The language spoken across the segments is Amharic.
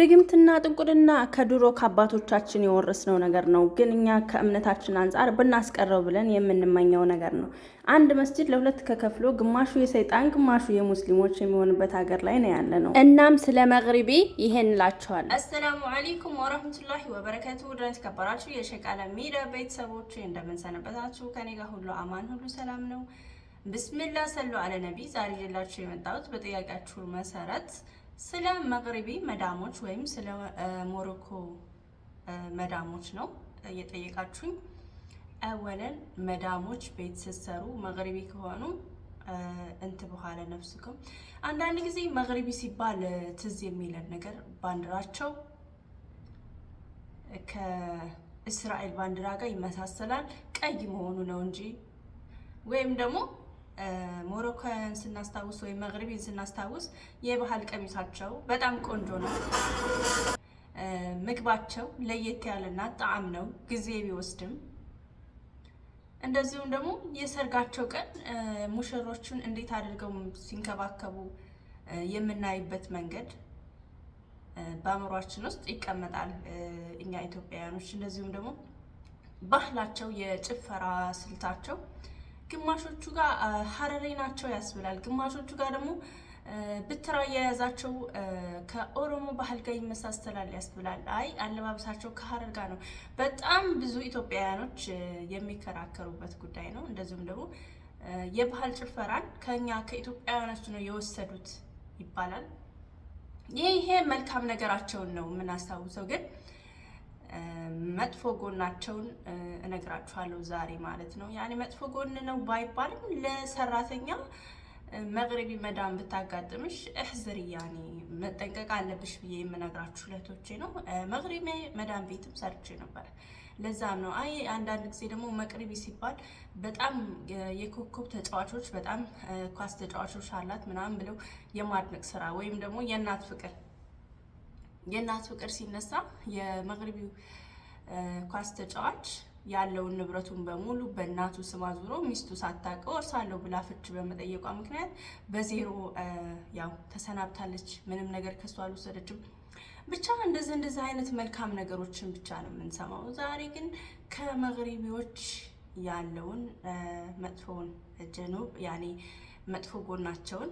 ድግምትና ጥንቁልና ከድሮ ከአባቶቻችን የወረስነው ነገር ነው፣ ግን እኛ ከእምነታችን አንጻር ብናስቀረው ብለን የምንመኘው ነገር ነው። አንድ መስጂድ ለሁለት ከከፍሎ ግማሹ የሰይጣን ግማሹ የሙስሊሞች የሚሆንበት ሀገር ላይ ነው ያለ ነው። እናም ስለ መቅሪቢ ይሄን እላቸዋለሁ። አሰላሙ አሌይኩም ወረህመቱላሂ ወበረከቱ። ድረን የተከበራችሁ የሸቃለ ሚዲያ ቤተሰቦች እንደምንሰነበታችሁ፣ ከኔ ጋር ሁሉ አማን ሁሉ ሰላም ነው። ብስሚላ ሰሉ አለ ነቢ። ዛሬ ሌላችሁ የመጣሁት በጥያቄያችሁ መሰረት ስለ መግሪቢ መዳሞች ወይም ስለ ሞሮኮ መዳሞች ነው እየጠየቃችሁኝ። አወለን መዳሞች ቤት ስትሰሩ መግሪቢ ከሆኑ እንት በኋላ ነፍስኩም። አንዳንድ ጊዜ መግሪቢ ሲባል ትዝ የሚለን ነገር ባንዲራቸው ከእስራኤል ባንዲራ ጋር ይመሳሰላል ቀይ መሆኑ ነው እንጂ ወይም ደግሞ ሞሮኮያን ስናስታውስ ወይም መግሪቢን ስናስታውስ የባህል ቀሚሳቸው በጣም ቆንጆ ነው። ምግባቸው ለየት ያለና ጣዕም ነው፣ ጊዜ ቢወስድም። እንደዚሁም ደግሞ የሰርጋቸው ቀን ሙሽሮቹን እንዴት አድርገው ሲንከባከቡ የምናይበት መንገድ በአእምሯችን ውስጥ ይቀመጣል፣ እኛ ኢትዮጵያውያኖች። እንደዚሁም ደግሞ ባህላቸው፣ የጭፈራ ስልታቸው ግማሾቹ ጋር ሀረሬ ናቸው ያስብላል። ግማሾቹ ጋር ደግሞ ብትራ የያዛቸው ከኦሮሞ ባህል ጋር ይመሳሰላል ያስብላል። አይ አለባበሳቸው ከሀረር ጋር ነው። በጣም ብዙ ኢትዮጵያውያኖች የሚከራከሩበት ጉዳይ ነው። እንደዚሁም ደግሞ የባህል ጭፈራን ከኛ ከኢትዮጵያውያኖች ነው የወሰዱት ይባላል። ይሄ መልካም ነገራቸውን ነው የምናስታውሰው ግን መጥፎ ጎናቸውን እነግራችኋለሁ ዛሬ ማለት ነው። ያኔ መጥፎ ጎን ነው ባይባልም ለሰራተኛ መቅረቢ መዳን ብታጋጥምሽ እህዝር ያኔ መጠንቀቅ አለብሽ ብዬ የምነግራችሁ ሁለቶቼ ነው። መቅረቢ መዳን ቤትም ሰርቼ ነበረ። ለዛም ነው አይ አንዳንድ ጊዜ ደግሞ መቅረቢ ሲባል በጣም የኮከብ ተጫዋቾች በጣም ኳስ ተጫዋቾች አላት ምናምን ብለው የማድነቅ ስራ ወይም ደግሞ የእናት ፍቅር የእናት ፍቅር ሲነሳ የመግሪቢ ኳስ ተጫዋች ያለውን ንብረቱን በሙሉ በእናቱ ስም አዙሮ ሚስቱ ሳታውቀው እርሳለሁ ብላ ፍች በመጠየቋ ምክንያት በዜሮ ያው ተሰናብታለች። ምንም ነገር ከሷ አልወሰደችም። ብቻ እንደዚህ እንደዚህ አይነት መልካም ነገሮችን ብቻ ነው የምንሰማው። ዛሬ ግን ከመግሪቢዎች ያለውን መጥፎውን ጀኑብ ያኔ መጥፎ ጎናቸውን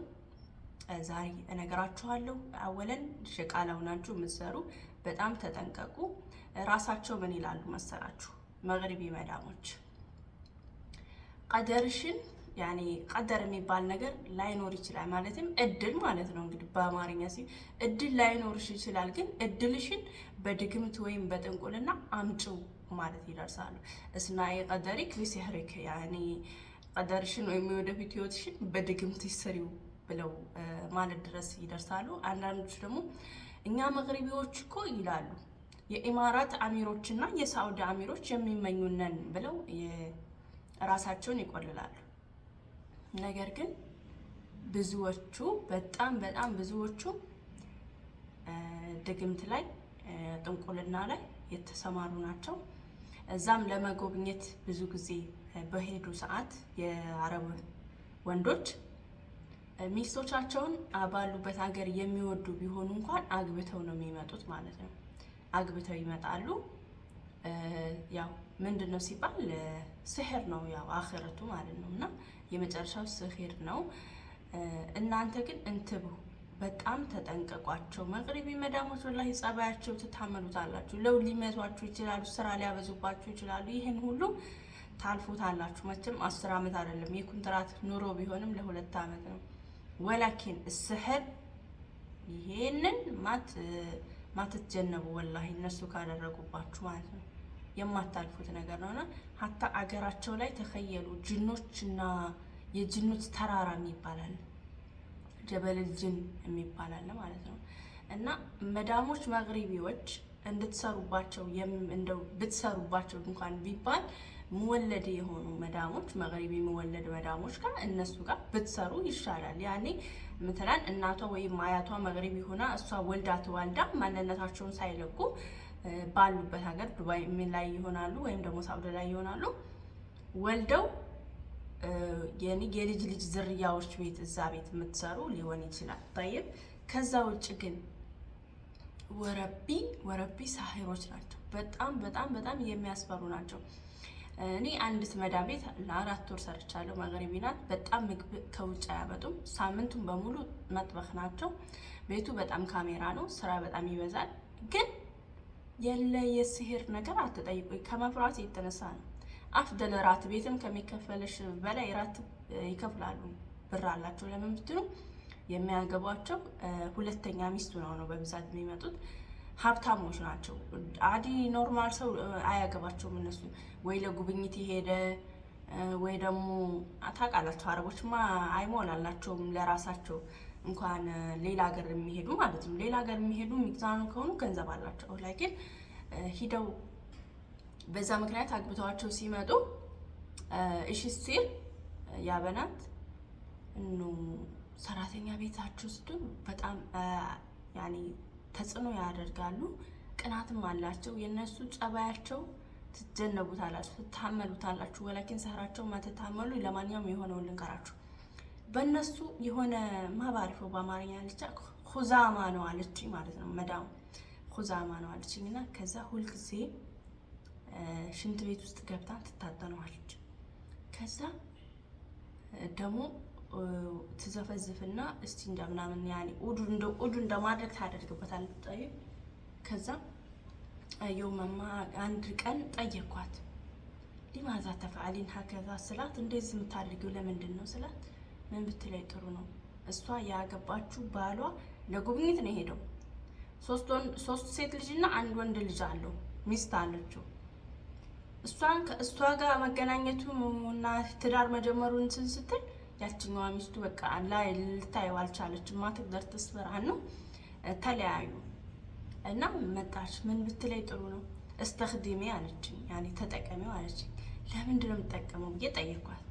ዛሬ እነግራችኋለሁ። አወለን ሸቃላው ናችሁ የምትሰሩ በጣም ተጠንቀቁ። ራሳቸው ምን ይላሉ መሰላችሁ? መግሪቢ መዳሞች ቀደርሽን ያኔ ቀደር የሚባል ነገር ላይኖር ይችላል። ማለትም እድል ማለት ነው እንግዲህ በአማርኛ ሲ እድል ላይኖርሽ ይችላል፣ ግን እድልሽን በድግምት ወይም በጥንቁልና አምጪው ማለት ይደርሳሉ። እስና የቀደሪክ ቢሲሕሪክ ያኔ ቀደርሽን ወይም የወደፊት ህይወትሽን በድግምት ይስሪው ብለው ማለት ድረስ ይደርሳሉ። አንዳንዶች ደግሞ እኛ መግሪቢዎች እኮ ይላሉ የኢማራት አሚሮች እና የሳውዲ አሚሮች የሚመኙነን ብለው ራሳቸውን ይቆልላሉ። ነገር ግን ብዙዎቹ በጣም በጣም ብዙዎቹ ድግምት ላይ ጥንቁልና ላይ የተሰማሩ ናቸው። እዛም ለመጎብኘት ብዙ ጊዜ በሄዱ ሰዓት የአረብ ወንዶች ሚስቶቻቸውን ባሉበት ሀገር የሚወዱ ቢሆኑ እንኳን አግብተው ነው የሚመጡት ማለት ነው። አግብተው ይመጣሉ። ያው ምንድን ነው ሲባል ስሕር ነው ያው አኽረቱ ማለት ነው እና የመጨረሻው ስሕር ነው። እናንተ ግን እንትቡ በጣም ተጠንቀቋቸው። መቅሪቢ መዳሞች ወላ ጸባያቸው ትታመኑታላችሁ። ለው ሊመቷችሁ ይችላሉ። ስራ ሊያበዙባችሁ ይችላሉ። ይህን ሁሉ ታልፎታላችሁ። መቼም አስር አመት አይደለም የኩንትራት ኑሮ ቢሆንም ለሁለት አመት ነው። ወላኪን እስህር ይሄንን ማትትጀነቡ ወላሂ እነሱ ካደረጉባችሁ ማለት ነው የማታልፉት ነገር ነውና ሀታ አገራቸው ላይ ተከየሉ ጅኖችና የጅኖች ተራራ የሚባላል ጀበልል ጅን የሚባላል ማለት ነው። እና መዳሞች መግሪቢዎች እንድትሰሩባቸው እንደው ብትሰሩባቸው እንኳን ቢባል መወለድ የሆኑ መዳሞች መግሪቢ መወለድ መዳሞች ጋር እነሱ ጋር ብትሰሩ ይሻላል። ያኔ ምትላን እናቷ ወይም አያቷ መግሪቢ ሆና እሷ ወልዳ ትዋልዳ ማንነታቸውን ሳይለቁ ባሉበት ሀገር ዱባይ ላይ ይሆናሉ ወይም ደግሞ ሳውዲ ላይ ይሆናሉ ወልደው የልጅ ልጅ ዝርያዎች ቤት እዛ ቤት የምትሰሩ ሊሆን ይችላል። ታይብ ከዛ ውጭ ግን ወረቢ ወረቢ ሳሂሮች ናቸው። በጣም በጣም በጣም የሚያስፈሩ ናቸው። እኔ አንዲት መዳም ቤት ለአራት ወር ሰርቻለሁ። ማገሬቢ ናት። በጣም ምግብ ከውጭ አያመጡም። ሳምንቱን በሙሉ መጥበክ ናቸው። ቤቱ በጣም ካሜራ ነው። ስራ በጣም ይበዛል። ግን የለ የስሄር ነገር አትጠይቁ። ከመፍራት የተነሳ ነው። አፍደል ራት ቤትም ከሚከፈልሽ በላይ ራት ይከፍላሉ። ብር አላቸው ለምን ብትሉ የሚያገቧቸው ሁለተኛ ሚስቱ ነው ነው በብዛት የሚመጡት ሀብታሞች ናቸው። አዲ ኖርማል ሰው አያገባቸውም። እነሱ ወይ ለጉብኝት የሄደ ወይ ደግሞ ታውቃላቸው፣ አረቦችማ አይሞላላቸውም ለራሳቸው እንኳን ሌላ ሀገር የሚሄዱ ማለት ነው። ሌላ ሀገር የሚሄዱ ሚዛኑ ከሆኑ ገንዘብ አላቸው። ላኪን ሂደው በዛ ምክንያት አግብተዋቸው ሲመጡ እሺ ሲል ያበናት ሰራተኛ ቤታችሁ ስትሆን በጣም ያኔ ተጽዕኖ ያደርጋሉ። ቅናትም አላቸው። የእነሱ ጸባያቸው ትጀነቡታላችሁ፣ ትታመሉታላችሁ። ወላኪን ሰራቸው ማትታመሉ። ለማንኛውም የሆነውን ልንገራችሁ። በእነሱ የሆነ ማባሪፎ በአማርኛ ልቻ ሁዛማ ነው አለች ማለት ነው። መዳሙ ሁዛማ ነው አለችኝ እና ከዛ ሁልጊዜ ሽንት ቤት ውስጥ ገብታ ትታጠነዋለች። ከዛ ደግሞ ትዘፈዝፍና እስቲ እንደምናምን ያኔ ኡዱ እንደ ኡዱ እንደማድረግ ታደርግበታል። ጠይ ከዛ የው መማ አንድ ቀን ጠየኳት ሊማዛ ተፈዓሊን ሀከዛ ስላት፣ እንደዚህ የምታደርጊው ለምንድን ነው ስላት፣ ምን ብትለይ ጥሩ ነው እሷ ያገባችሁ ባሏ ለጉብኝት ነው የሄደው። ሶስት ሴት ልጅና አንድ ወንድ ልጅ አለው ሚስት አለችው። እሷን ከእሷ ጋር መገናኘቱ እና ትዳር መጀመሩን እንትን ስትል ያችኛዋ ሚስቱ በቃ አላ ልታየው አልቻለችም። ማትግደር ትስበራል ነው ተለያዩ እና መጣች። ምን ብትለይ ጥሩ ነው እስተክዲሜ አለችኝ፣ ያኔ ተጠቀሚው አለችኝ። ለምንድን ነው የምጠቀመው ብዬ ጠየኳት።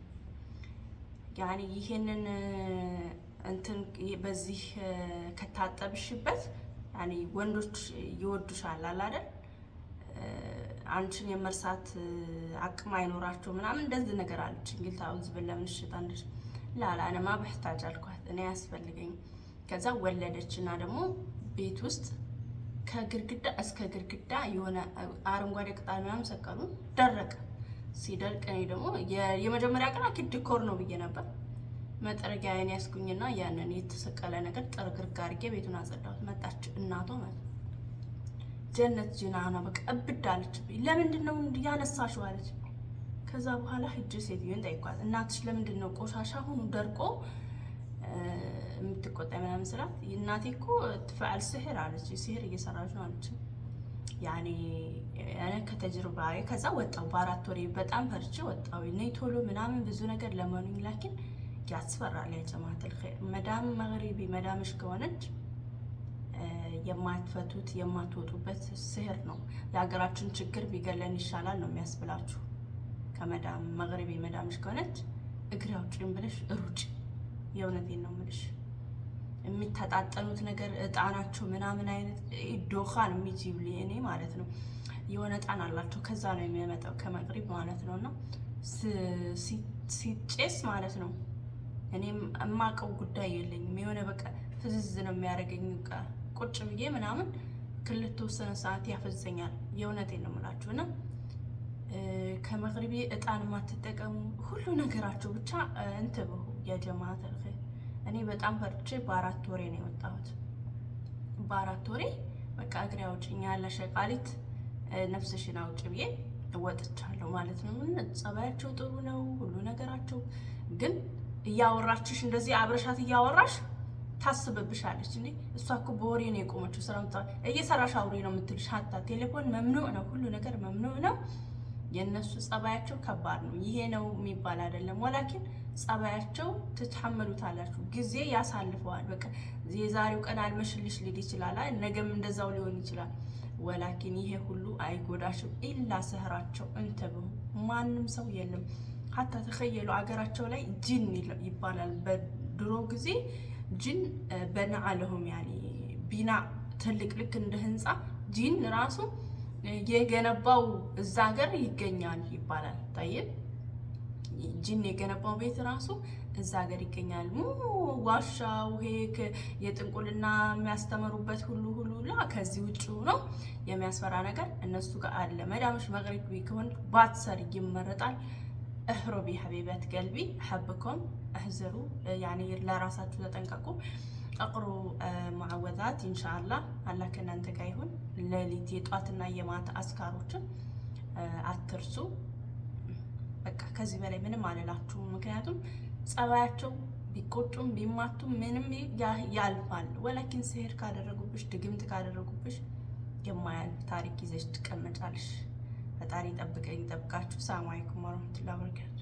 ያኔ ይሄንን እንትን በዚህ ከታጠብሽበት ያኔ ወንዶች ይወዱሻል አይደል አንቺን የመርሳት አቅም አይኖራቸው ምናምን እንደዚህ ነገር አለች። እንግዲህ ታውዝ ታንደሽ ላላ አነማ በህታጅ አልኳት እኔ አያስፈልገኝ። ከዛ ወለደች እና ደግሞ ቤት ውስጥ ከግድግዳ እስከ ግርግዳ የሆነ አረንጓዴ ቅጠል ምናምን ሰቀሉ። ደረቀ። ሲደርቅ እኔ ደግሞ የመጀመሪያ ቀን አኪድ ዲኮር ነው ብዬ ነበር። መጠረጊያን ያስኩኝና ያንን የተሰቀለ ነገር ጥርግርግ አድርጌ ቤቱን አጸዳሁት። መጣች እናቷ ማለት ጀነት ጅናና በቃ እብድ አለችብኝ። ለምንድን ነው ያነሳሽው አለች። ከዛ በኋላ ሂጅ ሴትዮን ጠይቋት፣ እናትሽ ለምንድን ነው ቆሻሻ ሁኑ ደርቆ የምትቆጣ ምናምን ስላት፣ እናቴ እኮ ትፈዓል ስሕር አለች፣ ስሕር እየሰራች ነው አለች። ያኔ እኔ ከተጀርባዬ ከዛ ወጣው በአራት ወሬ በጣም ፈርቼ ወጣው። ነይ ቶሎ ምናምን ብዙ ነገር ለመኑኝ፣ ላኪን ያስፈራል። ያ ጀማዓተል ኸይር መዳም መግሪቢ መዳምሽ ከሆነች የማትፈቱት የማትወጡበት ስሕር ነው። የሀገራችን ችግር ቢገለን ይሻላል ነው የሚያስብላችሁ። ከመዳም መግሪብ መዳምሽ ከሆነች እግሬ ብለሽ ሩጭ። የእውነቴን ነው የምልሽ። የሚተጣጠኑት ነገር እጣናቸው ምናምን አይነት ዶኻን ነው እኔ ማለት ነው። የሆነ እጣን አላቸው ከዛ ነው የሚመጣው ከመቅሪብ ማለት ነው። እና ማለት ነው እኔ የማውቀው ጉዳይ የለኝም። የሆነ በቃ ፍዝዝ ነው የሚያደርገኝ ቁጭ ብዬ ምናምን ክልል ተወሰነ ሰዓት ያፈዘኛል። የእውነቴን ነው የምላችሁ እና ከመቅሪቤ እጣን ማትጠቀሙ ሁሉ ነገራቸው ብቻ እንትብሁ የጀማዓት አልኸይር። እኔ በጣም ፈርቼ በአራት ወሬ ነው የወጣሁት። በአራት ወሬ በቃ እግሬ አውጭኝ ያለ ሸቃሊት ነፍስሽን አውጭ ብዬ እወጥቻለሁ ማለት ነው። ምን ጸባያቸው ጥሩ ነው ሁሉ ነገራቸው፣ ግን እያወራችሽ እንደዚህ አብረሻት እያወራሽ ታስብብሻለች። እንዴ እሷ እኮ በወሬ ነው የቆመችው። ስራ እየሰራሽ አውሬ ነው የምትልሽ። ሀታ ቴሌፎን መምኖ ነው ሁሉ ነገር መምኖ ነው የእነሱ ጸባያቸው ከባድ ነው። ይሄ ነው የሚባል አይደለም። ወላኪን ጸባያቸው ትታመሉታላችሁ። ጊዜ ያሳልፈዋል። በቃ የዛሬው ቀን አልመሽልሽ ሊል ይችላል። ነገም እንደዛው ሊሆን ይችላል። ወላኪን ይሄ ሁሉ አይጎዳሽም። ኢላ ስህራቸው እንትብሁ ማንም ሰው የለም። ሀታ ተኸየሉ አገራቸው ላይ ጅን ይባላል። በድሮ ጊዜ ጅን በና አለሁም ያኔ ቢና ትልቅ ልክ እንደ ህንፃ ጂን ራሱ የገነባው እዛ ሀገር ይገኛል ይባላል። ታይብ ጅን የገነባው ቤት ራሱ እዛ ሀገር ይገኛል። ዋሻ ውሄክ የጥንቁልና የሚያስተምሩበት ሁሉ ሁሉ ላ ከዚህ ውጭ ሆኖ የሚያስፈራ ነገር እነሱ ጋር አለ። መዳምሽ መቅሪቢ ከሆን ባትሰር ይመረጣል። እህሮቢ ሀቢበት ገልቢ ሀብኮም እህዝሩ ለራሳችሁ ተጠንቀቁ። አቅሩ ሙዓወዛት ኢንሻአላህ አላህ ከእናንተ ጋር ይሁን። ሌሊት የጧትና የማታ አስካሮችን አትርሱ። በቃ ከዚህ በላይ ምንም አልላችሁ። ምክንያቱም ጸባያቸው ቢቆጩም ቢማቱም ምንም ያልፋል። ወላኪን ስሄድ ካደረጉብሽ፣ ድግምት ካደረጉብሽ የማያልፍ ታሪክ ይዘሽ ትቀመጫለሽ። ፈጣሪ ይጠብቀኝ ይጠብቃችሁ። ሰላም አለይኩም ወረህመቱላሂ ወበረካቱህ